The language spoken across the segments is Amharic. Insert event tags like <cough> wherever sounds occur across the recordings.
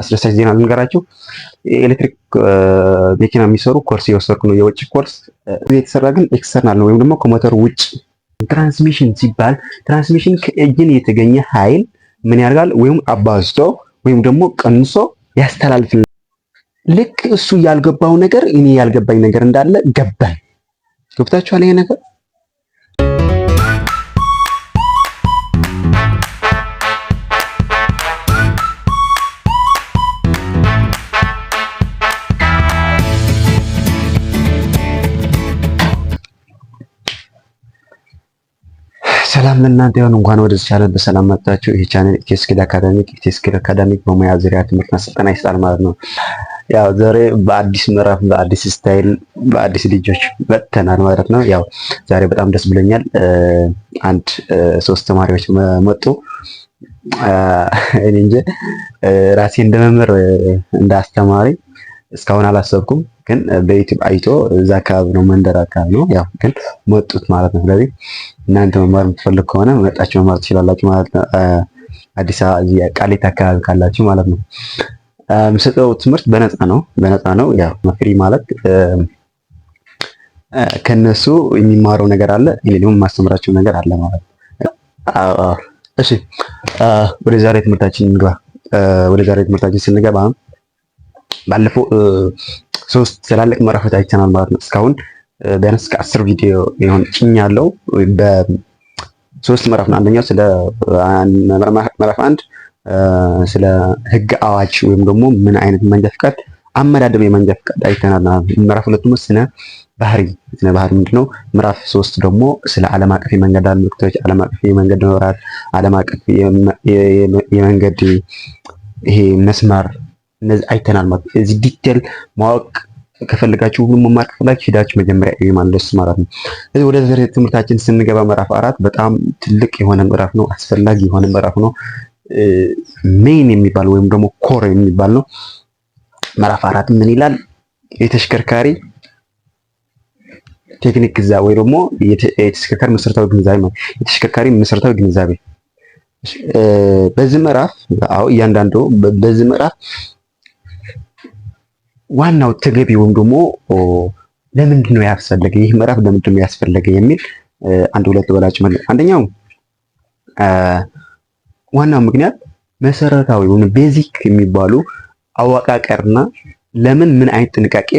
አስደሳች ዜና ልንገራቸው። የኤሌክትሪክ መኪና የሚሰሩ ኮርስ እየወሰድኩ ነው፣ የውጭ ኮርስ። የተሰራ ግን ኤክስተርናል ነው ወይም ደግሞ ከሞተር ውጭ። ትራንስሚሽን ሲባል ትራንስሚሽን ከእጅን የተገኘ ኃይል ምን ያደርጋል? ወይም አባዝቶ ወይም ደግሞ ቀንሶ ያስተላልፍ። ልክ እሱ ያልገባው ነገር እኔ ያልገባኝ ነገር እንዳለ ገባኝ። ገብታችኋል ይሄ ነገር ሰላም ለእናንተ ይሁን። እንኳን ወደ ቻናል በሰላም መጣችሁ። ይህ ቻናል ኢትዮ ስኪል አካዳሚክ ኢትዮ ስኪል አካዳሚክ በሙያ ዙሪያ ትምህርትና ስልጠና ይሰጣል ማለት ነው። ያው ዛሬ በአዲስ ምዕራፍ፣ በአዲስ ስታይል፣ በአዲስ ልጆች መጥተናል ማለት ነው። ያው ዛሬ በጣም ደስ ብሎኛል። አንድ ሶስት ተማሪዎች መጡ። እኔ እንጂ ራሴ እንደመምህር አስተማሪ እስካሁን አላሰብኩም፣ ግን በዩቲዩብ አይቶ እዛ አካባቢ ነው መንደር አካባቢ ነው ያው ግን መጡት ማለት ነው። ስለዚህ እናንተ መማር የምትፈልግ ከሆነ መጣችሁ መማር ትችላላችሁ ማለት ነው። አዲስ አበባ ቃሊት አካባቢ ካላችሁ ማለት ነው። የምሰጠው ትምህርት በነፃ ነው፣ በነፃ ነው። ያው መፍሪ ማለት ከነሱ የሚማረው ነገር አለ፣ እኔ ደግሞ የማስተምራቸው ነገር አለ ማለት ነው። እሺ ወደ ዛሬ ትምህርታችን እንግባ። ወደ ዛሬ ትምህርታችን ስንገባ አሁን ባለፈው ሶስት ትላልቅ ምዕራፎች አይተናል ማለት ነው። እስካሁን ቢያንስ ከአስር ቪዲዮ ይሆን ጭኝ ያለው በሶስት ምዕራፍ ነው። አንደኛው ስለ ምዕራፍ አንድ ስለ ህግ አዋጅ ወይም ደግሞ ምን አይነት መንጃ ፍቃድ አመዳደም የመንጃ ፍቃድ አይተናል ማለት ነው። ምዕራፍ ስነ ባህሪ ስነ ባህሪ ምንድነው? ምዕራፍ ሶስት ደግሞ ስለ ዓለም አቀፍ የመንገድ ምልክቶች፣ ዓለም አቀፍ የመንገድ መብራት፣ ዓለም አቀፍ የመንገድ ይሄ መስመር እነዚህ አይተናል ማለት ነው። እዚህ ዲቴል ማወቅ ከፈልጋችሁ ሁሉም መማር ከፈለጋችሁ ሂዳችሁ መጀመሪያ እዩ ማለት ማለት ነው። ስለዚህ ወደ ዘር ትምህርታችን ስንገባ ምዕራፍ አራት በጣም ትልቅ የሆነ ምዕራፍ ነው። አስፈላጊ የሆነ ምዕራፍ ነው። ሜን የሚባል ወይም ደግሞ ኮር የሚባል ነው። ምዕራፍ አራት ምን ይላል? የተሽከርካሪ ቴክኒክ ግንዛቤ ወይ ደግሞ የተሽከርካሪ መሰረታዊ ግንዛቤ ማለት የተሽከርካሪ መሰረታዊ ግንዛቤ በዚህ ምዕራፍ አዎ እያንዳንዱ በዚህ ምዕራፍ ዋናው ተገቢውም ደግሞ ለምንድን ነው ያስፈለገ ይህ ምዕራፍ ለምንድን ነው ያስፈለገ የሚል አንድ ሁለት በላጭ መለ አንደኛው ዋናው ምክንያት መሰረታዊውን ቤዚክ የሚባሉ አወቃቀርና ለምን ምን አይነት ጥንቃቄ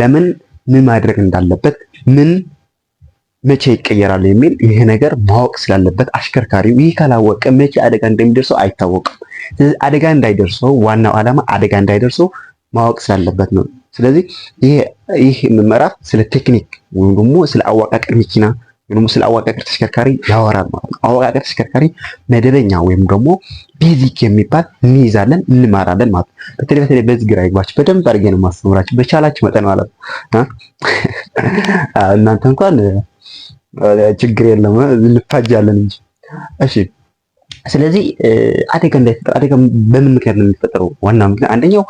ለምን ምን ማድረግ እንዳለበት ምን መቼ ይቀየራል የሚል ይህ ነገር ማወቅ ስላለበት አሽከርካሪው ይህ ካላወቀ መቼ አደጋ እንደሚደርሰው አይታወቅም። ስለዚህ አደጋ እንዳይደርሰው ዋናው ዓላማ አደጋ እንዳይደርሰው ማወቅ ስላለበት ነው። ስለዚህ ይህ ምዕራፍ ስለ ቴክኒክ ወይም ደግሞ ስለ አወቃቀር መኪና ወይም ደግሞ ስለ አወቃቀር ተሽከርካሪ ያወራል ማለት ነው። አወቃቀር ተሽከርካሪ መደበኛ ወይም ደግሞ ቤዚክ የሚባል እንይዛለን እንማራለን ማለት ነው። በተለይ በተለይ በዚህ ግራ ይግባችሁ በደንብ አድርጌ ነው ማስተምራችሁ በቻላችሁ መጠን ማለት ነው። እናንተ እንኳን ችግር የለም እንፋጃለን እንጂ እሺ። ስለዚህ አደጋ እንዳይፈጠር አደጋ በምን ምክንያት ነው የሚፈጠረው? ዋና ምክንያት አንደኛው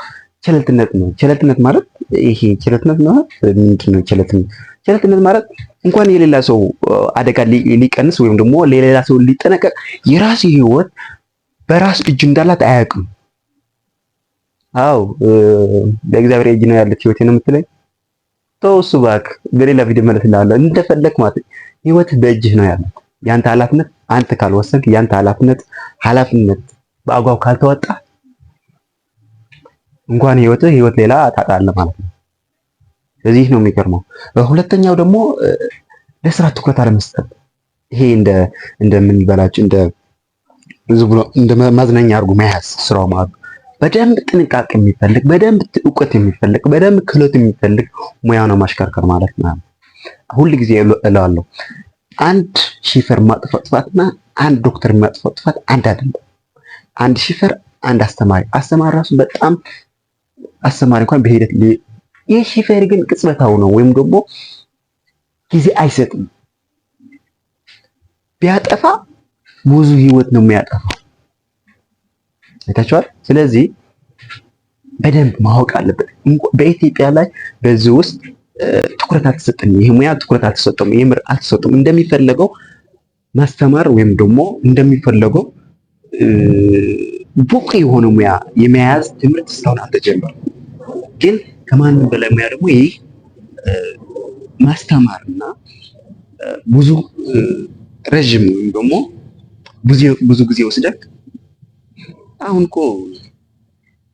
ቸለትነት ነው። ቸለትነት ማለት ይሄ ቸለትነት ነው። ምንድን ነው? ቸለትነት ቸለትነት ማለት እንኳን የሌላ ሰው አደጋ ሊቀንስ ወይም ደግሞ ለሌላ ሰው ሊጠነቀቅ የራስ ህይወት በራስ እጅ እንዳላት አያውቅም። አው በእግዚአብሔር እጅ ነው ያለች ህይወት ነው የምትለኝ። ተው እሱ እባክህ፣ በሌላ ቪዲዮ እመልስልሃለሁ። እንደፈለክ ማለት ህይወት በእጅህ ነው ያለው። ያንተ ኃላፊነት አንተ ካልወሰንክ፣ ያንተ ኃላፊነት ኃላፊነት በአግባቡ ካልተወጣ እንኳን ህይወትህ ህይወት ሌላ ታጣለህ ማለት ነው። ስለዚህ ነው የሚገርመው። ሁለተኛው ደግሞ ለስራ ትኩረት አለመስጠት። ይሄ እንደ እንደምንበላጭ እንደ ብዙ ብሎ እንደ ማዝናኛ አድርጎ መያዝ ስራው ማለት በደንብ ጥንቃቄ የሚፈልግ በደንብ እውቀት የሚፈልግ በደንብ ክህሎት የሚፈልግ ሙያ ነው ማሽከርከር ማለት ነው። ሁል ጊዜ እላለሁ አንድ ሺፈር ማጥፋ ጥፋትና አንድ ዶክተር የሚያጥፋው ጥፋት አንድ አይደለም። አንድ ሺፈር አንድ አስተማሪ አስተማሪ ራሱ በጣም አስተማሪ እንኳን በሂደት ይህ ግን ቅጽበታው ነው ወይም ደግሞ ጊዜ አይሰጥም። ቢያጠፋ ብዙ ህይወት ነው የሚያጠፋው። አይታችኋል። ስለዚህ በደንብ ማወቅ አለበት። በኢትዮጵያ ላይ በዚህ ውስጥ ትኩረት አልተሰጠም። ይሄ ሙያ ትኩረት አልተሰጠም። ይሄ ምር አልተሰጠም። እንደሚፈለገው ማስተማር ወይም ደግሞ እንደሚፈለገው ብቁ የሆነ ሙያ የመያዝ ትምህርት እስካሁን አልተጀመረም። ግን ከማንም በላይ ሙያ ደግሞ ይህ ማስተማርና ብዙ ረዥም ወይም ደግሞ ብዙ ጊዜ ወስደክ አሁን እኮ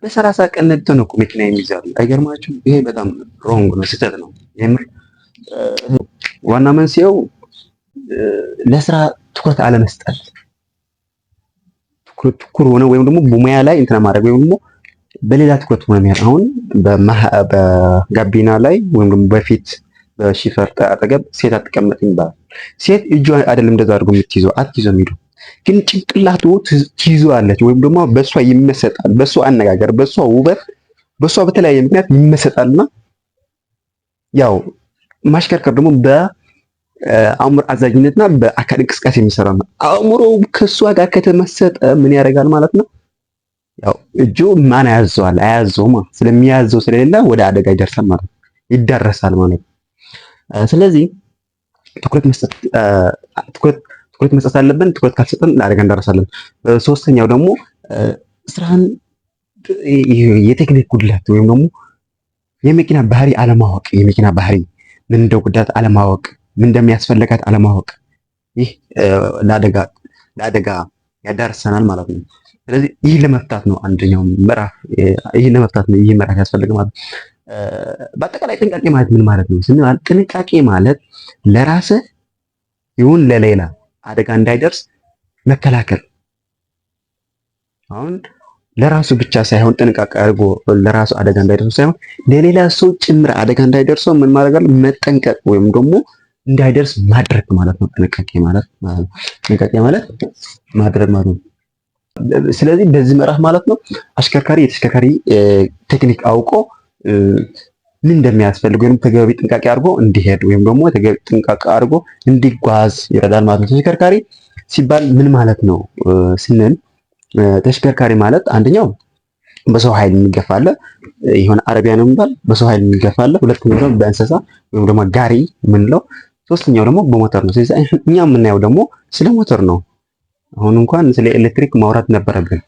በሰላሳ ቀን ነድቶ ነው መኪና የሚዛሉ አይገርማችሁ ይሄ በጣም ሮንግ ነው፣ ስህተት ነው። የምር ዋና መንስኤው ለስራ ትኩረት አለመስጠት ትኩር ሆነ ወይም ደግሞ በሙያ ላይ እንትና ማድረግ ወይም ደግሞ በሌላ ትኩረት ሆነ አሁን በጋቢና ላይ ወይም ደግሞ በፊት በሺፈር አጠገብ ሴት አትቀመጥ ይባላል። ሴት እጇ አይደለም እንደዛ አድርጎ የምትይዘው አትይዘው የሚሉ ግን ጭንቅላቱ ትይዘዋለች ወይም ደግሞ በእሷ ይመሰጣል። በእሷ አነጋገር፣ በእሷ ውበት፣ በእሷ በተለያየ ምክንያት ይመሰጣልና ያው ማሽከርከር ደግሞ አእምሮ አዛዥነትና በአካል እንቅስቃሴ የሚሰራ ነው። አእምሮ ከእሷ ጋር ከተመሰጠ ምን ያደርጋል ማለት ነው? ያው እጁ ማን አያዘዋል? አያዘውማ። ስለሚያዘው ስለሌለ ወደ አደጋ ይደርሳል ማለት ነው፣ ይዳረሳል ማለት ነው። ስለዚህ ትኩረት መስጠት ትኩረት መስጠት አለብን። ትኩረት ካልሰጠን ለአደጋ እንዳረሳለን። ሶስተኛው ደግሞ ስራን የቴክኒክ ጉድለት ወይም ደግሞ የመኪና ባህሪ አለማወቅ የመኪና ባህሪ ምን ጉዳት አለማወቅ ምን እንደሚያስፈልጋት አለማወቅ ይህ ለአደጋ ለአደጋ ያዳርሰናል ማለት ነው። ስለዚህ ይህ ለመፍታት ነው አንደኛው ምዕራፍ፣ ይህ ለመፍታት ነው ይህ ምዕራፍ ያስፈልግ ማለት ነው። በአጠቃላይ ጥንቃቄ ማለት ምን ማለት ነው ስንል ጥንቃቄ ማለት ለራስ ይሁን ለሌላ አደጋ እንዳይደርስ መከላከል። አሁን ለራሱ ብቻ ሳይሆን ጥንቃቄ አድርጎ ለራሱ አደጋ እንዳይደርሰው ሳይሆን ለሌላ ሰው ጭምር አደጋ እንዳይደርሰው ምን ማድረግ አለ መጠንቀቅ ወይም ደግሞ እንዳይደርስ ማድረግ ማለት ነው። ጥንቃቄ ማለት ጥንቃቄ ማለት ማድረግ ማለት ነው። ስለዚህ በዚህ ምዕራፍ ማለት ነው አሽከርካሪ የተሽከርካሪ ቴክኒክ አውቆ ምን እንደሚያስፈልግ ወይም ተገቢ ጥንቃቄ አድርጎ እንዲሄድ ወይም ደግሞ ተገቢ ጥንቃቄ አድርጎ እንዲጓዝ ይረዳል ማለት ነው። ተሽከርካሪ ሲባል ምን ማለት ነው ስንል ተሽከርካሪ ማለት አንደኛው በሰው ኃይል የሚገፋለ የሆነ አረቢያ ነው የሚባል በሰው ኃይል የሚገፋለ፣ ሁለተኛው ደግሞ በእንስሳ ወይም ደግሞ ጋሪ ምንለው ሶስተኛው ደግሞ በሞተር ነው። ስለዚህ እኛ የምናየው ደግሞ ስለ ሞተር ነው። አሁን እንኳን ስለ ኤሌክትሪክ ማውራት ነበረብን።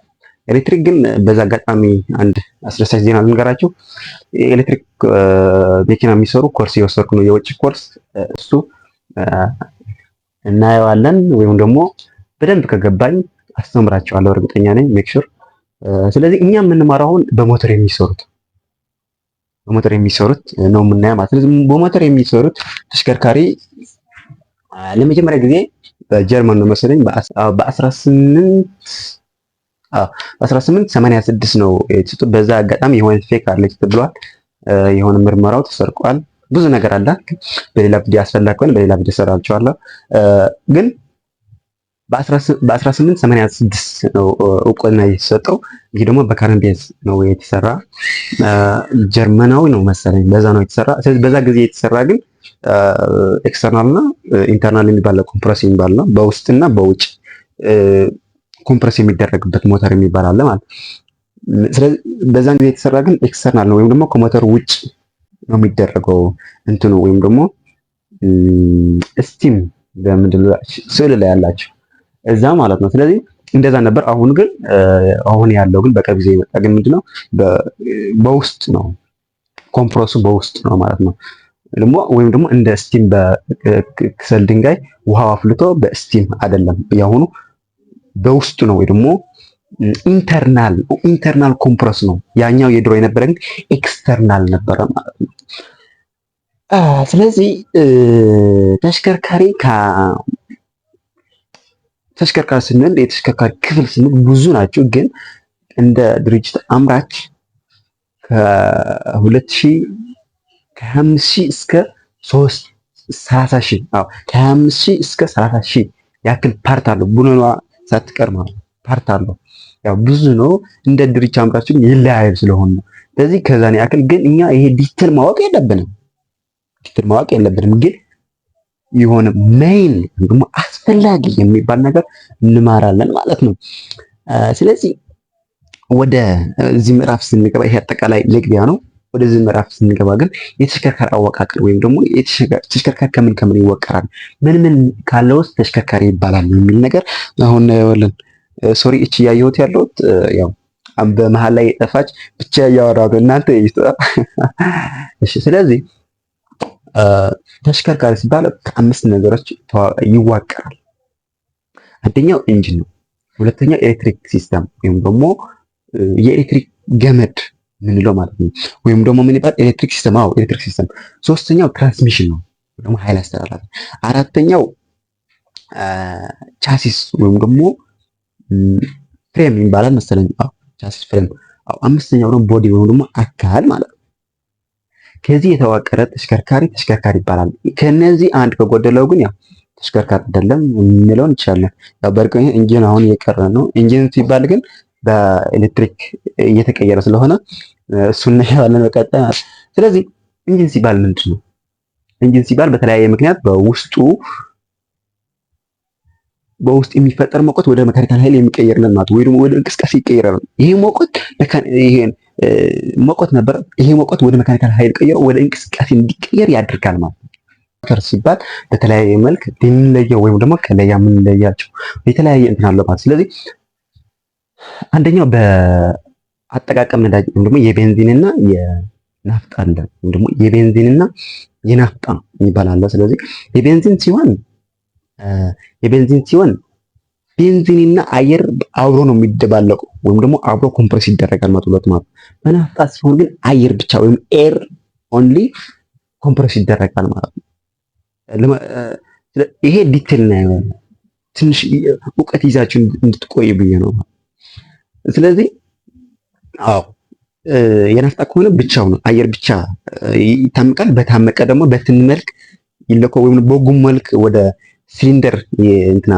ኤሌክትሪክ ግን በዛ አጋጣሚ አንድ አስደሳች ዜና ልንገራችሁ። ኤሌክትሪክ መኪና የሚሰሩ ኮርስ የወሰድኩ ነው፣ የውጭ ኮርስ። እሱ እናየዋለን ወይም ደግሞ በደንብ ከገባኝ አስተምራቸዋለሁ፣ እርግጠኛ ነኝ። ሹር። ስለዚህ እኛ የምንማረው አሁን በሞተር የሚሰሩት በሞተር የሚሰሩት ነው የምናየው ማለት ስለዚህ በሞተር የሚሰሩት ተሽከርካሪ ለመጀመሪያ ጊዜ በጀርመን ነው መሰለኝ በ1886 ነው የተሰጡት። በዛ አጋጣሚ የሆነ ፌክ አለች ተብሏል። የሆነ ምርመራው ተሰርቋል። ብዙ ነገር አለ። በሌላ ቪዲዮ አስፈላጊ ከሆነ በሌላ ቪዲዮ ሰራቸዋለሁ ግን በ1886 ነው እውቅና የተሰጠው። ይህ ደግሞ በከረምቤዝ ነው የተሰራ ጀርመናዊ ነው መሰለኝ፣ በዛ ነው የተሰራ። ስለዚህ በዛ ጊዜ የተሰራ ግን ኤክስተርናል እና ኢንተርናል የሚባለ ኮምፕረስ የሚባል ነው። በውስጥና በውጭ ኮምፕረስ የሚደረግበት ሞተር የሚባል አለ ማለት። ስለዚህ በዛን ጊዜ የተሰራ ግን ኤክስተርናል ነው፣ ወይም ደግሞ ከሞተር ውጭ ነው የሚደረገው እንትኑ ወይም ደግሞ ስቲም በምድል ስዕል ላይ ያላቸው እዛ ማለት ነው። ስለዚህ እንደዛ ነበር። አሁን ግን አሁን ያለው ግን በቅርብ ጊዜ የመጣ ግን ምንድነው በውስጥ ነው ኮምፕረሱ በውስጥ ነው ማለት ነው። ደግሞ ወይም ደግሞ እንደ ስቲም በክሰል ድንጋይ ውሃ አፍልቶ በስቲም አይደለም ያሁኑ በውስጡ ነው ወይ ደግሞ ኢንተርናል ኢንተርናል ኮምፕረስ ነው። ያኛው የድሮ የነበረ ኤክስተርናል ነበረ ማለት ነው። ስለዚህ ተሽከርካሪ ተሽከርካሪ ስንል የተሽከርካሪ ክፍል ስንል ብዙ ናቸው፣ ግን እንደ ድርጅት አምራች ከሁለት ሺ ከሀምስት ሺ እስከ ሶስት ሰላሳ ሺ አዎ ከሀምስት ሺ እስከ ሰላሳ ሺ ያክል ፓርት አለው። ቡነኗ ሳትቀር ማለት ፓርት አለው። ያው ብዙ ነው። እንደ ድርጅት አምራች ይለያያል ስለሆነ ነው። ስለዚህ ከዛን ያክል ግን እኛ ይሄ ዲጂታል ማወቅ የለብንም ዲጂታል ማወቅ የለብንም ግን የሆነ ሜይን ደግሞ አስፈላጊ የሚባል ነገር እንማራለን ማለት ነው። ስለዚህ ወደ እዚህ ምዕራፍ ስንገባ ይሄ አጠቃላይ ለግቢያ ነው። ወደዚህ ምዕራፍ ስንገባ ግን የተሽከርካሪ አወቃቀር ወይም ደግሞ ተሽከርካሪ ከምን ከምን ይወቀራል፣ ምን ምን ካለውስ ተሽከርካሪ ይባላል የሚል ነገር አሁን እናየዋለን። ሶሪ እች እያየሁት ያለሁት ያው በመሀል ላይ የጠፋች ብቻ እያወራሁ እናንተ ይስጠ። ስለዚህ ተሽከርካሪ ሲባል ከአምስት ነገሮች ይዋቀራል። አንደኛው ኢንጂን ነው። ሁለተኛው ኤሌክትሪክ ሲስተም ወይም ደግሞ የኤሌክትሪክ ገመድ ምንለው ማለት ነው። ወይም ደግሞ ምን ይባል ኤሌክትሪክ ሲስተም። አዎ ኤሌክትሪክ ሲስተም። ሶስተኛው ትራንስሚሽን ነው፣ ደግሞ ኃይል አስተላላፊ። አራተኛው ቻሲስ ወይም ደግሞ ፍሬም ይባላል መሰለኝ። አዎ ቻሲስ ፍሬም። አዎ አምስተኛው ደግሞ ቦዲ ወይም ደግሞ አካል ማለት ነው። ከዚህ የተዋቀረ ተሽከርካሪ ተሽከርካሪ ይባላል። ከነዚህ አንድ ከጎደለው ግን ያው ተሽከርካሪ አይደለም እንለው እንችላለን። ያው በርቀ ኢንጂን አሁን እየቀረ ነው። ኢንጂን ሲባል ግን በኤሌክትሪክ እየተቀየረ ስለሆነ እሱን እናየዋለን በቀጣይ። ስለዚህ ኢንጂን ሲባል ምንድን ነው? ኢንጂን ሲባል በተለያየ ምክንያት በውስጡ በውስጥ የሚፈጠር ሞቀት ወደ መካኒካል ኃይል የሚቀየርልን ማለት ወይ ደግሞ ወደ እንቅስቃሴ ይቀየራል። ይሄ ሙቀት ይሄን ሞቆት ነበር። ይሄ ሞቆት ወደ መካኒካል ኃይል ቀይሮ ወደ እንቅስቃሴ እንዲቀየር ያደርጋል ማለት ነው። ሞተር ሲባል በተለያየ መልክ ልንለየው ወይም ደግሞ ከለያ የምንለያቸው የተለያየ እንትን አለው ማለት ስለዚህ አንደኛው በአጠቃቀም ነዳጅ ወይም ደግሞ የቤንዚንና የናፍጣ አለ ወይም ደግሞ የቤንዚንና የናፍጣ ይባላል። ስለዚህ የቤንዚን ሲሆን የቤንዚን ሲሆን ቤንዚን እና አየር አብሮ ነው የሚደባለቁ ወይም ደግሞ አብሮ ኮምፕረስ ይደረጋል ማለት ሁለት ማለት። በናፍጣ ሲሆን ግን አየር ብቻ ወይም ኤር ኦንሊ ኮምፕረስ ይደረጋል ማለት ነው። ይሄ ዲቴል ና ትንሽ እውቀት ይዛችሁ እንድትቆይ ብዬ ነው። ስለዚህ አዎ የናፍጣ ከሆነ ብቻው ነው አየር ብቻ ይታመቃል። በታመቀ ደግሞ በትን መልክ ይለኮ ወይም በጉም መልክ ወደ ሲሊንደር እንትና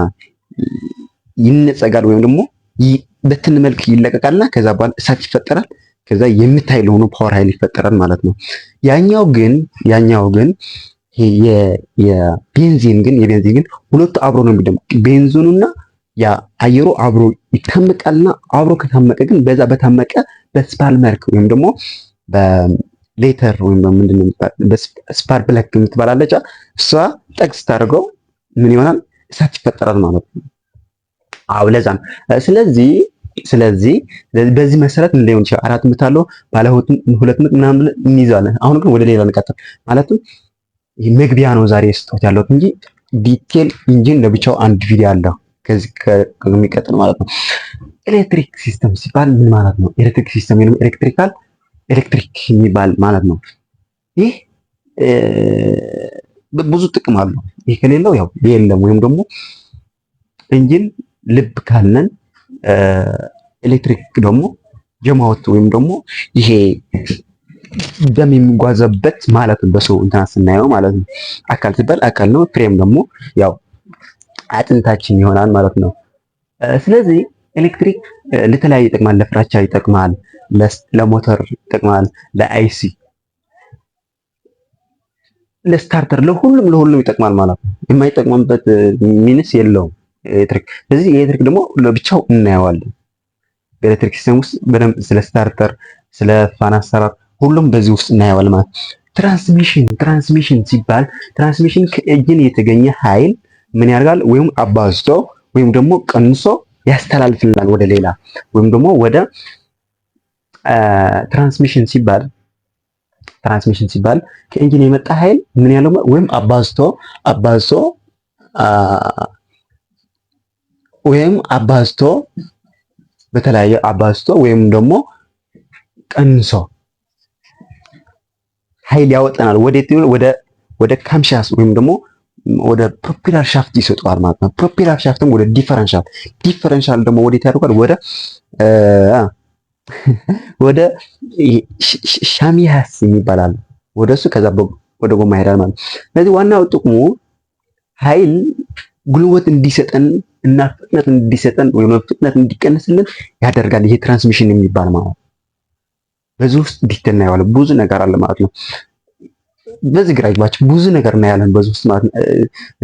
ይነጸጋል ወይም ደግሞ በትን መልክ ይለቀቃልና ከዛ በኋላ እሳት ይፈጠራል። ከዛ የምታይ ለሆኑ ፓወር ኃይል ይፈጠራል ማለት ነው። ያኛው ግን ያኛው ግን የቤንዚን ግን የቤንዚን ግን ሁለቱ አብሮ ነው የሚደምቅ ቤንዚኑና ያ አየሩ አብሮ ይታመቃልና አብሮ ከታመቀ ግን በዛ በታመቀ በስፓል መልክ ወይም ደግሞ በሌተር ወይም ምንድን ነው ስፓርክ ብለክ የምትባላለች እሷ ጠቅስ ታደርገው ምን ይሆናል እሳት ይፈጠራል ማለት ነው። አዎ ለዛ ነው። ስለዚህ ስለዚህ በዚህ መሰረት ሊሆን ይችላል አራት ምት አለው ባለ ሁለት ምት ምናምን እንይዛለን። አሁን ግን ወደ ሌላ እንቀጥል። ማለትም መግቢያ ነው ዛሬ ስጦት ያለው እንጂ ዲቴል ኢንጂን ለብቻው አንድ ቪዲዮ አለው ከዚህ ከሚቀጥል ማለት ነው። ኤሌክትሪክ ሲስተም ሲባል ምን ማለት ነው? ኤሌክትሪክ ሲስተም ይሄ ኤሌክትሪካል ኤሌክትሪክ የሚባል ማለት ነው። ይህ ብዙ ጥቅም አለው። ይህ ከሌለው ያው የለም ወይም ደግሞ ኢንጂን ልብ ካለን ኤሌክትሪክ ደግሞ ጀማወት ወይም ደግሞ ይሄ ደም የሚጓዘበት ማለት ነው። በሰው እንትና ስናየው ማለት ነው። አካል ሲባል አካል ነው። ፍሬም ደግሞ ያው አጥንታችን ይሆናል ማለት ነው። ስለዚህ ኤሌክትሪክ ለተለያየ ይጠቅማል። ለፍራቻ ይጠቅማል፣ ለሞተር ይጠቅማል፣ ለአይሲ፣ ለስታርተር፣ ለሁሉም ለሁሉም ይጠቅማል ማለት ነው። የማይጠቅምበት ሚንስ የለውም። ኤሌክትሪክ። ስለዚህ ኤሌክትሪክ ደግሞ ለብቻው እናየዋለን። በኤሌክትሪክ ሲስተም ውስጥ በደንብ ስለ ስታርተር፣ ስለ ፋን አሰራር ሁሉም በዚህ ውስጥ እናየዋለን ማለት ነው። ትራንስሚሽን ትራንስሚሽን ሲባል ትራንስሚሽን ከእጅን የተገኘ ኃይል ምን ያደርጋል? ወይም አባዝቶ ወይም ደግሞ ቀንሶ ያስተላልፍልናል ወደ ሌላ ወይም ደግሞ ወደ ትራንስሚሽን ሲባል ትራንስሚሽን ሲባል ከኢንጂን የመጣ ኃይል ምን ያለው ወይም አባዝቶ አባዝቶ ወይም አባዝቶ በተለያየ አባዝቶ ወይም ደግሞ ቀንሶ ኃይል ያወጣናል። ወደ ወደ ካምሻስ ወይም ደግሞ ወደ ፕሮፔላር ሻፍት ይሰጠዋል ማለት ነው። ፕሮፔላር ሻፍትም ወደ ዲፈረንሻል፣ ዲፈረንሻል ደግሞ ወዴት ያደርጓል? ወደ ወደ <laughs> ሻሚያስ ይባላል። ወደ እሱ ከዛ ወደ ጎማ ይሄዳል ማለት ነው። ስለዚህ ዋናው ጥቅሙ ኃይል ጉልበት እንዲሰጠን እና ፍጥነት እንዲሰጠን ወይም ፍጥነት እንዲቀንስልን ያደርጋል። ይሄ ትራንስሚሽን የሚባል ማለት በዚህ ውስጥ ዲቴል እናየዋለን። ብዙ ነገር አለ ማለት ነው። በዚህ ግራ ይግባችሁ ብዙ ነገር እናያለን በዚህ ውስጥ ማለት ነው።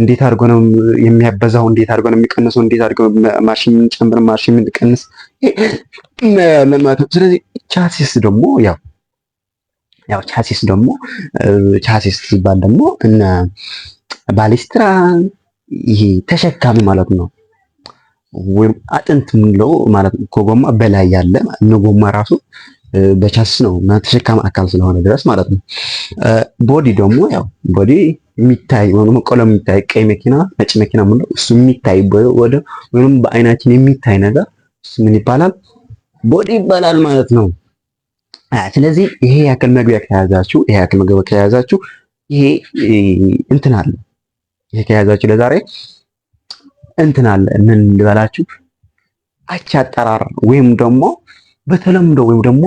እንዴት አድርጎ ነው የሚያበዛው? እንዴት አድርጎ ነው የሚቀንሰው? እንዴት አድርጎ ማርሽን የምንጨምር ማርሽን የምንቀንስ እናያለን ማለት ነው። ስለዚህ ቻሲስ ደግሞ ያው ያው ቻሲስ ደግሞ ቻሲስ ሲባል ደግሞ ባሊስትራ ይሄ ተሸካሚ ማለት ነው። ወይም አጥንት የምንለው ማለት ከጎማ በላይ ያለ እነ ጎማ ራሱ በቻስ ነው ተሸካሚ አካል ስለሆነ ድረስ ማለት ነው። ቦዲ ደግሞ ያው ቦዲ የሚታይ ወይም ቀለም የሚታይ ቀይ መኪና፣ ነጭ መኪና ምንለው እሱ የሚታይ ወደ ወይም በአይናችን የሚታይ ነገር እሱ ምን ይባላል? ቦዲ ይባላል ማለት ነው። ስለዚህ ይሄ ያክል መግቢያ ከያዛችሁ ይሄ ያክል መግቢያ ከያዛችሁ ይሄ እንትን አለ ይሄ ከያዛችሁ ለዛሬ እንትን አለ ምን ልበላችሁ አቻ አጠራር ወይም ደግሞ በተለምዶ ወይም ደግሞ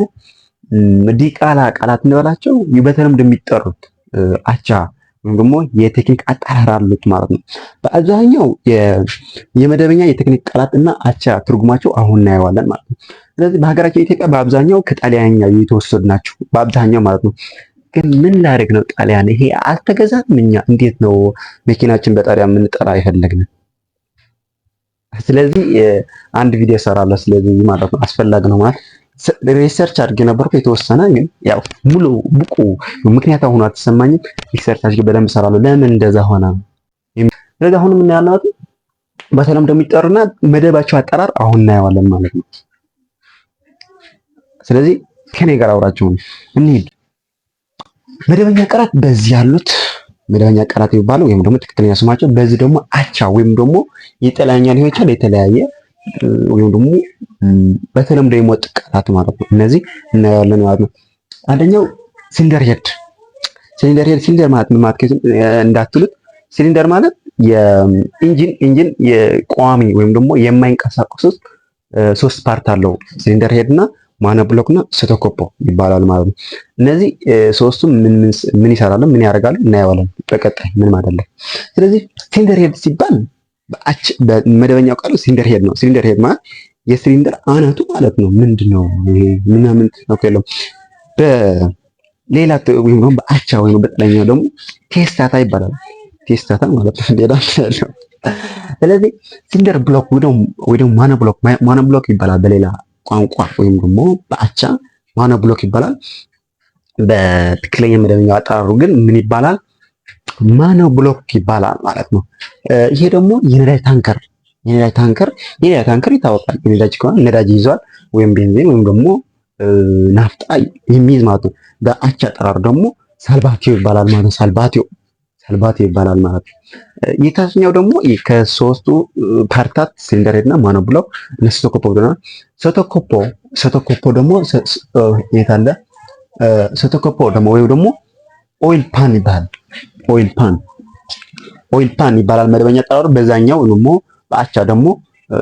ዲቃላ ቃላት እንበላቸው በተለምዶ የሚጠሩት አቻ ወይም ደግሞ የቴክኒክ አጠራር አሉት ማለት ነው። በአብዛኛው የመደበኛ የቴክኒክ ቃላት እና አቻ ትርጉማቸው አሁን እናየዋለን ማለት ነው። ስለዚህ በሀገራችን ኢትዮጵያ በአብዛኛው ከጣሊያንኛ የተወሰዱ ናቸው፣ በአብዛኛው ማለት ነው። ግን ምን ላደርግ ነው ጣሊያን ይሄ አልተገዛም። እኛ እንዴት ነው መኪናችን በጣሪያ የምንጠራ የፈለግን ስለዚህ አንድ ቪዲዮ እሰራለሁ ስለዚህ ማለት ነው። አስፈላጊ ነው ማለት ሪሰርች አድርጌ ነበርኩ የተወሰነ ግን ያው ሙሉ ብቁ ምክንያት አሁን አትሰማኝም። ሪሰርች አድርጌ በደንብ እሰራለሁ ለምን እንደዛ ሆነ። ስለዚህ አሁን ምን የምናያለው በተለምዶ የሚጠሩና መደባቸው አጠራር አሁን እናየዋለን ማለት ነው። ስለዚህ ከኔ ጋር አውራችሁ እንሂድ። መደበኛ ቀራት በዚህ ያሉት መደበኛ ቃላት የሚባለው ወይም ደግሞ ትክክለኛ ስማቸው። በዚህ ደግሞ አቻ ወይም ደግሞ የጠላኛ ሊሆን ይችላል የተለያየ ወይም ደግሞ በተለምዶ የሞት ቃላት ማለት ነው። እነዚህ እናያለን ማለት ነው። አንደኛው ሲሊንደር ሄድ። ሲሊንደር ሄድ ሲሊንደር ማለት ምን ማለት እንዳትሉት፣ ሲሊንደር ማለት የኢንጂን ኢንጂን የቋሚ ወይም ደግሞ የማይንቀሳቀሱት ሶስት ፓርት አለው ሲሊንደር ሄድ እና ማነ ብሎክ እና ስቶኮፖ ይባላል ማለት ነው። እነዚህ ሶስቱም ምን ይሰራሉ፣ ምን ያደርጋሉ እናየዋለን በቀጣይ ምን ማለት ነው። ስለዚህ ሲሊንደር ሄድ ሲባል መደበኛው ቃሉ ሲሊንደር ሄድ ነው። ሲሊንደር ሄድ ማለት የሲሊንደር አናቱ ማለት ነው። ምንድነው ይሄ ምናምን ነው ከለው በሌላ ወይም ደግሞ በአቻ ወይም በጥለኛው ደግሞ ቴስታታ ይባላል። ቴስታታ ማለት ነው ስለዚህ ሲሊንደር ብሎክ ወይ ደግሞ ማነ ብሎክ ይባላል በሌላ ቋንቋ ወይም ደግሞ በአቻ ማነ ብሎክ ይባላል። በትክክለኛ መደበኛ አጠራሩ ግን ምን ይባላል? ማነ ብሎክ ይባላል ማለት ነው። ይሄ ደግሞ የነዳጅ ታንከር የነዳጅ ታንከር የነዳጅ ታንከር ይታወቃል። የነዳጅ ከሆነ ነዳጅ ይዟል ወይም ቤንዚን ወይም ደግሞ ናፍጣ የሚይዝ ማለት ነው። በአቻ አጠራሩ ደግሞ ሳልባቲዮ ይባላል ማለት ነው። ሳልባቲዮ ልባቴ ይባላል ማለት ነው። የታችኛው ደግሞ ከሶስቱ ፓርታት ሲንደሬድ እና ማኖ ብለው ሰቶኮፖ ብለናል። ሰቶኮፖ ሰቶኮፖ ደግሞ የት አለ? ሰቶኮፖ ደግሞ ወይም ደግሞ ኦይል ፓን ይባላል። ኦይል ፓን ኦይል ፓን ይባላል መደበኛ ጠራሩ። በዛኛው ደግሞ በአቻ ደግሞ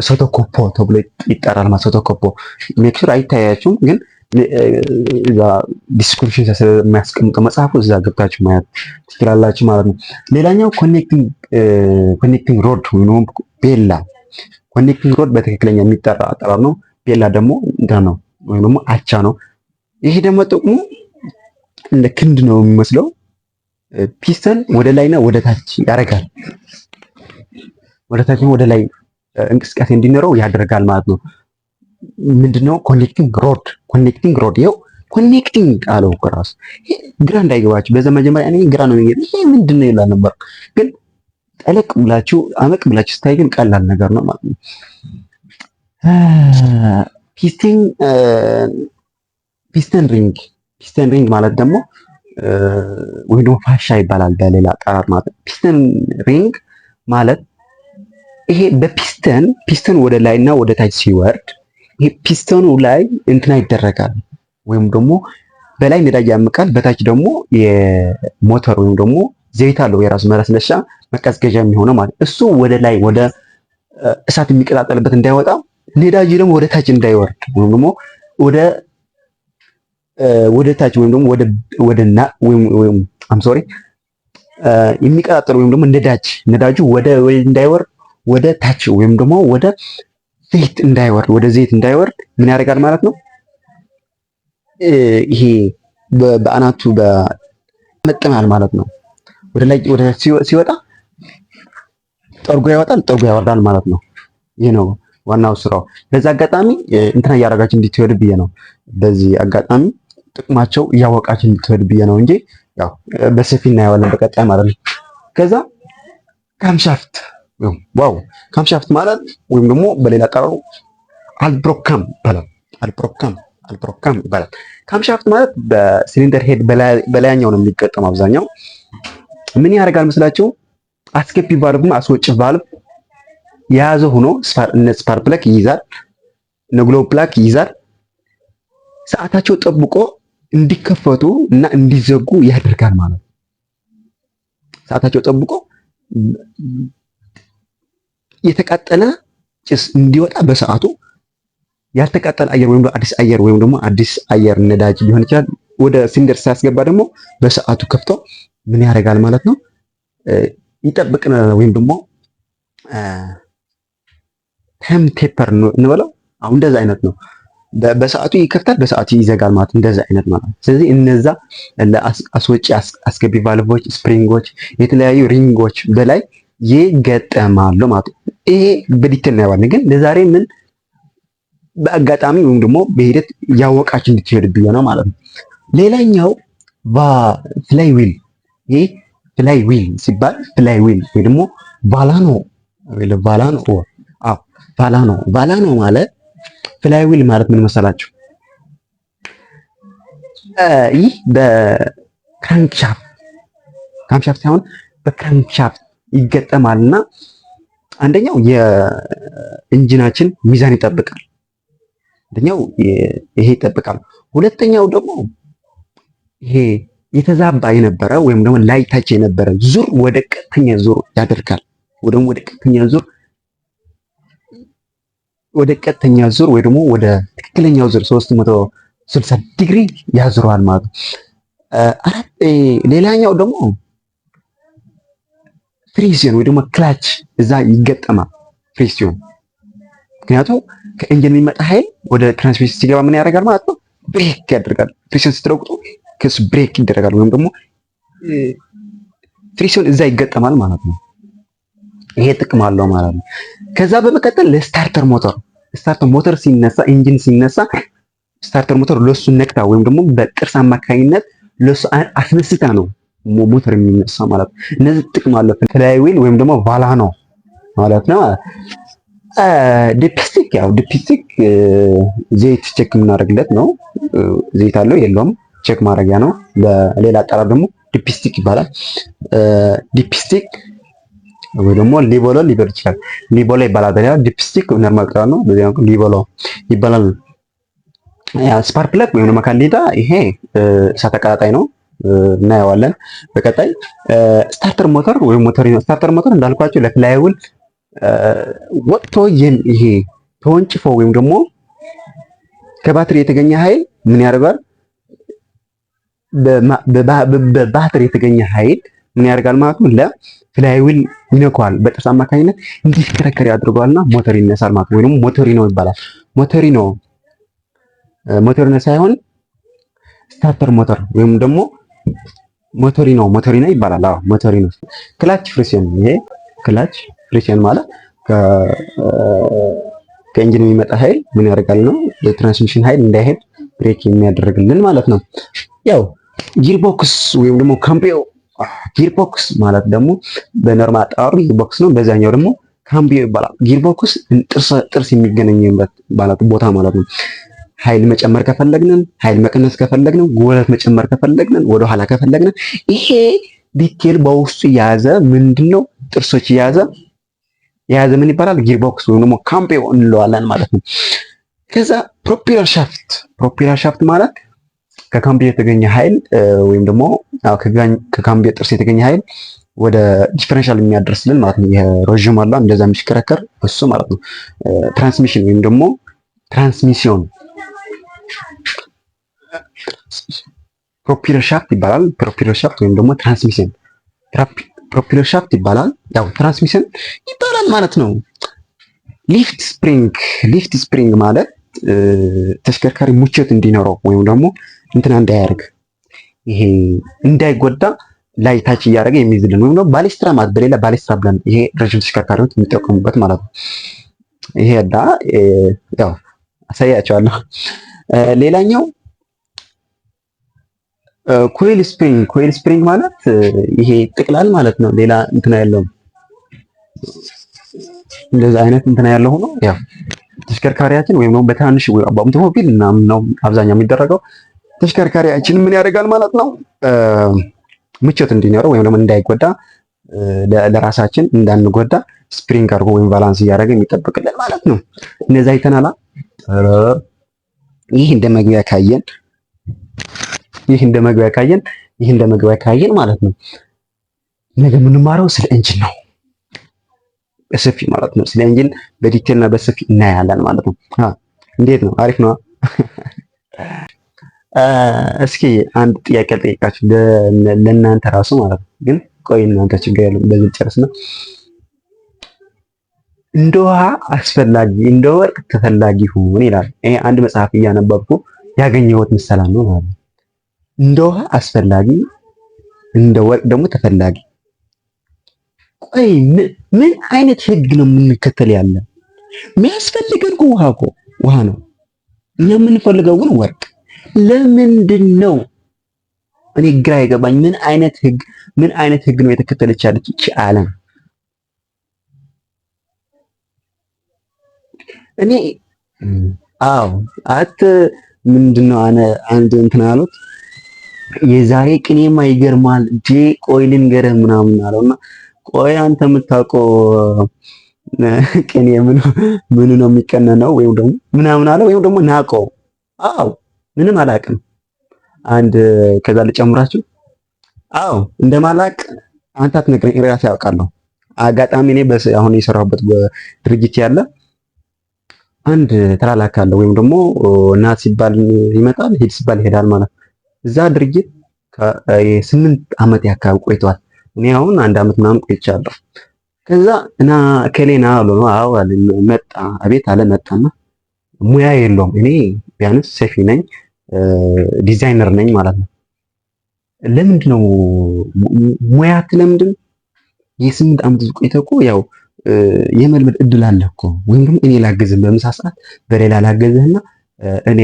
ሰቶኮፖ ተብሎ ይጠራል ማለት ሰቶኮፖ። ሜክሹር አይታያችሁም ግን እዛ ዲስክሪፕሽን የሚያስቀምጠው መጽሐፉ እዛ ገብታችሁ ማየት ትችላላችሁ ማለት ነው። ሌላኛው ኮኔክቲንግ ሮድ ወይም ቤላ። ኮኔክቲንግ ሮድ በትክክለኛ የሚጠራ አጠራር ነው። ቤላ ደግሞ እንደ ነው ወይም ደግሞ አቻ ነው። ይሄ ደግሞ ጥቅሙ እንደ ክንድ ነው የሚመስለው። ፒስተን ወደ ላይና ወደ ታች ያደርጋል። ወደ ታች ወደ ላይ እንቅስቃሴ እንዲኖረው ያደርጋል ማለት ነው። ምንድነው ኮኔክቲንግ ሮድ ኮኔክቲንግ ሮድ ይኸው ኮኔክቲንግ አለው ራሱ ግራ እንዳይገባችሁ። በዛ መጀመሪያ እኔ ግራ ነው የሚገባ ይሄ ምንድን ይላል ነበር፣ ግን ጠለቅ ብላችሁ አመቅ ብላችሁ ስታይ ግን ቀላል ነገር ነው ማለት ነው። ፒስቲን ፒስተን ሪንግ ፒስተን ሪንግ ማለት ደግሞ ወይ ደግሞ ፋሻ ይባላል በሌላ አጠራር ማለት ነው። ፒስተን ሪንግ ማለት ይሄ በፒስተን ፒስተን ወደ ላይና ወደ ታች ሲወርድ ፒስተኑ ላይ እንትና ይደረጋል ወይም ደግሞ በላይ ነዳጅ ያምቃል፣ በታች ደግሞ የሞተር ወይም ደግሞ ዘይት አለው የራሱ መለስለሻ መቀዝቀዣ የሚሆነው ማለት እሱ ወደ ላይ ወደ እሳት የሚቀጣጠልበት እንዳይወጣ ነዳጅ ደግሞ ወደ ታች እንዳይወርድ ወይም ደግሞ ወደ ወደ ታች ወይም ደግሞ ወደ ወደ ና ወይም አም ሶሪ የሚቀጣጠል ወይም ደግሞ ነዳጅ ነዳጁ ወደ እንዳይወርድ ወደ ታች ወይም ደግሞ ወደ ዘይት እንዳይወርድ ወደ ዘይት እንዳይወርድ ምን ያደርጋል ማለት ነው። ይሄ በአናቱ በመጥማል ማለት ነው። ወደ ላይ ወደ ሲወጣ ጠርጎ ያወጣል፣ ጠርጎ ያወርዳል ማለት ነው። ይህ ነው ዋናው ስራው። በዚህ አጋጣሚ እንትና እያደረጋችሁ እንድትሄዱ ብዬ ነው። በዚህ አጋጣሚ ጥቅማቸው እያወቃችሁ እንድትሄዱ ብዬ ነው እንጂ ያው በሰፊ እናየዋለን በቀጣይ ማለት ነው። ከዛ ካምሻፍት ዋው ካምሻፍት ማለት ወይም ደግሞ በሌላ አጠራሩ አልብሮካም ይባላል። አልብሮካም አልብሮካም ይባላል። ካምሻፍት ማለት በሲሊንደር ሄድ በላያኛው ነው የሚገጠም። አብዛኛው ምን ያደርጋል መስላችሁ? አስገቢ ቫልቭም አስወጭ ቫልቭ የያዘ ሆኖ ስፓር ፕለክ ይይዛል፣ ነግሎ ፕላክ ይይዛል። ሰዓታቸው ጠብቆ እንዲከፈቱ እና እንዲዘጉ ያደርጋል ማለት ነው። ሰዓታቸው ጠብቆ የተቃጠለ ጭስ እንዲወጣ በሰዓቱ ያልተቃጠለ አየር ወይም አዲስ አየር ወይም ደግሞ አዲስ አየር ነዳጅ ሊሆን ይችላል ወደ ሲንደር ሲያስገባ ደግሞ በሰዓቱ ከፍቶ ምን ያደርጋል ማለት ነው ይጠብቅ ወይም ደግሞ ታይም ቴፐር እንበለው አሁን እንደዛ አይነት ነው። በሰዓቱ ይከፍታል፣ በሰዓቱ ይዘጋል ማለት እንደዛ አይነት ማለት ነው። ስለዚህ እነዛ ለአስወጪ አስገቢ ቫልቮች፣ ስፕሪንጎች፣ የተለያዩ ሪንጎች በላይ ይገጠማሉ ማለት ነው። ይሄ በዲቴል እናየዋለን፣ ግን ለዛሬ ምን በአጋጣሚ ወይም ደግሞ በሂደት ያወቃችሁ እንድትሄዱ ብዬ ነው ማለት ነው። ሌላኛው ፍላይ ዊል፣ ይሄ ፍላይ ዊል ሲባል ፍላይ ዊል ወይ ደግሞ ቫላኖ ቫላኖ አዎ ቫላኖ ቫላኖ ማለት ፍላይ ዊል ማለት ምን መሰላችሁ? ይህ በክራንክሻፍት ክራንክሻፍት ሳይሆን በክራንክሻፍት ይገጠማልና አንደኛው የኢንጂናችን ሚዛን ይጠብቃል። አንደኛው ይሄ ይጠብቃል። ሁለተኛው ደግሞ ይሄ የተዛባ የነበረ ወይም ደግሞ ላይ ታች የነበረ ዙር ወደ ቀጥተኛ ዙር ያደርጋል። ወደም ወደ ቀጥተኛ ዙር ወደ ቀጥተኛ ዙር ወይ ደግሞ ወደ ትክክለኛው ዙር 360 ዲግሪ ያዙረዋል ማለት ነው። ሌላኛው ደግሞ ፍሬሲዮን ወይ ደግሞ ክላች እዛ ይገጠማል። ፍሬሲዮን ምክንያቱም ከኢንጂን የሚመጣ ኃይል ወደ ትራንስሚሽን ሲገባ ምን ያደርጋል ማለት ነው? ብሬክ ያደርጋል። ፍሪሲዮን ስትረግጡ ከሱ ብሬክ ይደረጋል ወይም ደግሞ ፍሪሲዮን እዛ ይገጠማል ማለት ነው። ይሄ ጥቅም አለው ማለት ነው። ከዛ በመቀጠል ለስታርተር ሞተር ስታርተር ሞተር ሲነሳ ኢንጂን ሲነሳ ስታርተር ሞተር ለሱ ነክታ ወይም ደግሞ በጥርስ አማካኝነት ለሱ አስነስታ ነው ሞተር የሚነሳ ማለት ነው። እነዚህ ጥቅም አለው። ፍላይዊል ወይም ደግሞ ቫላ ነው ማለት ነው። ዲፕስቲክ ያው ዲፕስቲክ ዘይት ቼክ የምናደርግለት ነው። ዘይት አለው የለውም ቼክ ማድረጊያ ነው። በሌላ አጠራር ደግሞ ዲፕስቲክ ይባላል። ዲፕስቲክ ወይ ደግሞ ሊቦሎ ሊበር ይችላል። ሊቦሎ ይባላል። በሌላ ዲፕስቲክ ነርማል ቀራ ነው። በዚህ ሊቦሎ ይባላል። ስፓርክ ፕለግ ወይም ደግሞ ካንዲዳ ይሄ እሳተ ቀጣጣይ ነው። እናየዋለን በቀጣይ። ስታርተር ሞተር ወይም ሞተር ስታርተር ሞተር እንዳልኳቸው ለፍላይውል ወጥቶ ይሄ ተወንጭፎ ወይም ደግሞ ከባትሪ የተገኘ ኃይል ምን ያደርጋል? በባትሪ የተገኘ ኃይል ምን ያደርጋል ማለት ነው? ለፍላይዊል ይነኳል፣ በጥርስ አማካኝነት እንዲሽከረከር ያድርገዋልና ሞተሪ ይነሳል ማለት ነው። ወይም ሞተሪኖ ይባላል። ሞተሪኖ ሞተሪኖ ሳይሆን ስታርተር ሞተር ወይም ደግሞ ሞቶሪኖ ሞቶሪኖ ይባላል። አዎ ሞቶሪኖ። ክላች ፍሪሲዮን፣ ይሄ ክላች ፍሪሲዮን ማለት ከኢንጂን የሚመጣ ኃይል ምን ያደርጋል ነው የትራንስሚሽን ኃይል እንዳይሄድ ብሬክ የሚያደርግልን ማለት ነው። ያው ጊርቦክስ ወይም ደግሞ ካምቢዮ ጊርቦክስ ማለት ደግሞ በኖርማል አጠራሩ ጊርቦክስ ነው። በዛኛው ደግሞ ካምቢዮ ይባላል። ጊርቦክስ ጥርስ ጥርስ የሚገናኝበት ቦታ ማለት ነው። ኃይል መጨመር ከፈለግንን ኃይል መቀነስ ከፈለግንን ጉልበት መጨመር ከፈለግንን ወደኋላ ከፈለግንን ይሄ ዲቴል በውስጡ የያዘ ምንድነው ጥርሶች የያዘ የያዘ ምን ይባላል? ጊርቦክስ ወይም ደግሞ ካምፔዮ እንለዋለን ማለት ነው። ከዛ ፕሮፒለር ሻፍት ፕሮፒለር ሻፍት ማለት ከካምፒዮ የተገኘ ኃይል ወይም ደግሞ ከካምፒዮ ጥርስ የተገኘ ኃይል ወደ ዲፈረንሻል የሚያደርስልን ማለት ነው። ረዥም አለ እንደዛ የሚሽከረከር እሱ ማለት ነው። ትራንስሚሽን ወይም ደግሞ ትራንስሚሲዮን ፕሮፒለር ሻፍት ይባላል። ፕሮፒለር ሻፍት ወይም ደግሞ ትራንስሚሽን ፕሮፒለር ሻፍት ይባላል። ያው ትራንስሚሽን ይባላል ማለት ነው። ሊፍት ስፕሪንግ ሊፍት ስፕሪንግ ማለት ተሽከርካሪ ሙቸት እንዲኖረው ወይም ደግሞ እንትና እንዳያደርግ ይሄ እንዳይጎዳ ላይ ታች እያደረገ የሚይዝልን ወይም ደግሞ ባሌስትራ ማለት በሌላ ባሌስትራ ብለን ይሄ ረዥም ተሽከርካሪዎች የሚጠቀሙበት ማለት ነው። ይሄ ዳ ያው አሳያቸዋለሁ። ሌላኛው ኮይል ስፕሪንግ ኮይል ስፕሪንግ ማለት ይሄ ጥቅላል ማለት ነው። ሌላ እንትና ያለው እንደዛ አይነት እንትና ያለው ሆኖ ያው ተሽከርካሪያችን ወይም ደግሞ በትናንሽ በአውቶሞቢል ምናምን ነው አብዛኛው የሚደረገው። ተሽከርካሪያችን ምን ያደርጋል ማለት ነው ምቾት እንዲኖረው ወይም ደግሞ እንዳይጎዳ ለራሳችን እንዳንጎዳ ስፕሪንግ አድርጎ ወይም ባላንስ እያደረገ የሚጠብቅልን ማለት ነው። እነዛ ይተናላ ይህ እንደ መግቢያ ካየን ይህ እንደ መግቢያ ካየን ይህ እንደ መግቢያ ካየን ማለት ነው ነገ የምንማረው ስለ ኢንጂን ነው በሰፊ ማለት ነው። ስለ ኢንጂን በዲቴልና በሰፊ እናያለን ማለት ነው። እንዴት ነው? አሪፍ ነው። እስኪ አንድ ጥያቄ ልጠይቃችሁ ለእናንተ ራሱ ማለት ነው። ግን ቆይ እናንተ ችግር ያለው በዚህ ጨርስና እንደ ውሃ አስፈላጊ እንደ ወርቅ ተፈላጊ ሁን ይላል። ይሄ አንድ መጽሐፍ እያነበብኩ ያገኘሁት ምሳሌ ነው ማለት ነው። እንደ ውሃ አስፈላጊ እንደ ወርቅ ደግሞ ተፈላጊ። ቆይ ምን አይነት ህግ ነው የምንከተል ያለ? የሚያስፈልገን እኮ ውሃ እኮ ውሃ ነው። እኛ የምንፈልገው ግን ወርቅ ለምንድን ነው? እኔ ግራ የገባኝ ምን አይነት ህግ ምን አይነት ህግ ነው የተከተለች ያለች ይቺ ዓለም? እኔ አዎ አት ምንድነው አነ አንድ እንትን አሉት የዛሬ ቅኔማ ይገርማል እንዴ ቆይ ልንገርህ ምናምን አለውና ቆይ አንተ የምታውቀው ቅኔ ምኑ ነው የሚቀነነው ወይም ደግሞ ምናምን አለ ወይም ደግሞ ናቀው አዎ ምንም አላቅም አንድ ከዛ ልጨምራችሁ አዎ እንደማላቅ አንተ አትነግረኝ እራሴ ያውቃለሁ አጋጣሚ እኔ አሁን የሰራሁበት ድርጅት ያለ አንድ ተላላክ ወይም ደግሞ ና ሲባል ይመጣል ሂድ ሲባል ይሄዳል ማለት ነው እዛ ድርጅት ስምንት ዓመት ያካባቢ ቆይተዋል። እኔ አሁን አንድ ዓመት ምናምን ቆይቻለሁ። ከዛ እና ከሌና አሉ አዎ አለ መጣ አቤት አለ መጣና ሙያ የለውም እኔ ቢያንስ ሰፊ ነኝ ዲዛይነር ነኝ ማለት ነው። ለምንድን ነው ሙያት ለምንድን የስምንት ዓመት ቆይተህ እኮ ያው የመልመድ እድል አለ እኮ ወይም ደግሞ እኔ ላገዝህ በምሳ ሰዓት በሌላ ላገዝህና እኔ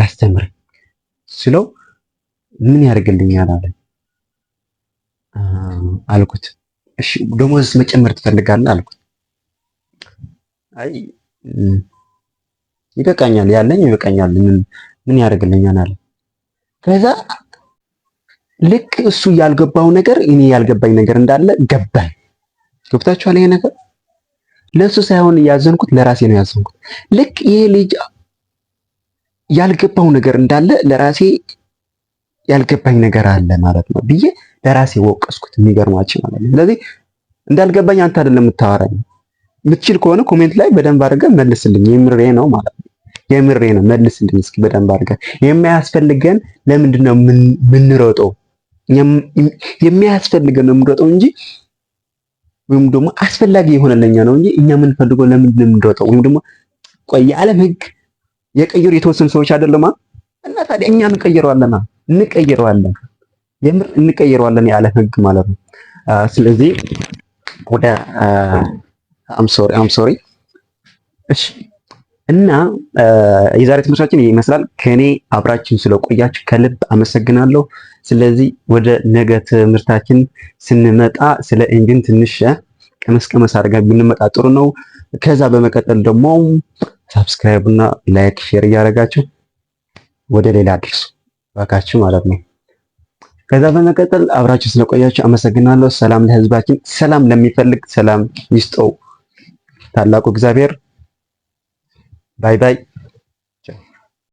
ላስተምር ስለው ምን ያደርግልኛል አለ አልኩት። እሺ ደሞዝ መጨመር ትፈልጋለህ አልኩት። አይ ይበቃኛል፣ ያለኝ ይበቃኛል፣ ምን ያደርግልኛል አለ። ከዛ ልክ እሱ ያልገባው ነገር እኔ ያልገባኝ ነገር እንዳለ ገባኝ። ገብታችኋል? ይሄ ነገር ለእሱ ሳይሆን ያዘንኩት ለራሴ ነው ያዘንኩት። ልክ ይሄ ልጅ ያልገባው ነገር እንዳለ ለራሴ ያልገባኝ ነገር አለ ማለት ነው ብዬ ለራሴ ወቀስኩት። የሚገርማችሁ ማለት ነው። ስለዚህ እንዳልገባኝ አንተ አይደለም የምታወራኝ። የምትችል ከሆነ ኮሜንት ላይ በደንብ አድርገህ መልስልኝ። የምሬ ነው ማለት ነው። የምሬ ነው መልስልኝ እስኪ በደንብ አድርገህ። የማያስፈልገን ለምንድን ነው የምንሮጠው? የሚያስፈልገን ነው የምንሮጠው እንጂ ወይም ደግሞ አስፈላጊ የሆነ ለኛ ነው እንጂ እኛ የምንፈልገው ለምንድን ነው የምንሮጠው? ወይም ደግሞ ቆይ የዓለም ህግ የቀየሩ የተወሰኑ ሰዎች አይደለማ እና ታዲያ እኛ እንቀይረዋለና እንቀይረዋለን። የምር እንቀይረዋለን ያለ ህግ ማለት ነው። ስለዚህ ወደ አም ሶሪ እሺ እና የዛሬ ትምህርታችን ይመስላል። ከኔ አብራችን ስለቆያችሁ ከልብ አመሰግናለሁ። ስለዚህ ወደ ነገ ትምህርታችን ስንመጣ ስለ ኢንጂን ትንሽ ቀመስ ቀመስ አድርገን ብንመጣ ጥሩ ነው። ከዛ በመቀጠል ደግሞ ሳብስክራይብ እና ላይክ ሼር እያደረጋችሁ ወደ ሌላ አድርሱ። ባካችሁ ማለት ነው። ከዛ በመቀጠል አብራችሁ ስለቆያችሁ አመሰግናለሁ። ሰላም ለህዝባችን፣ ሰላም ለሚፈልግ ሰላም ይስጠው ታላቁ እግዚአብሔር። ባይ ባይ።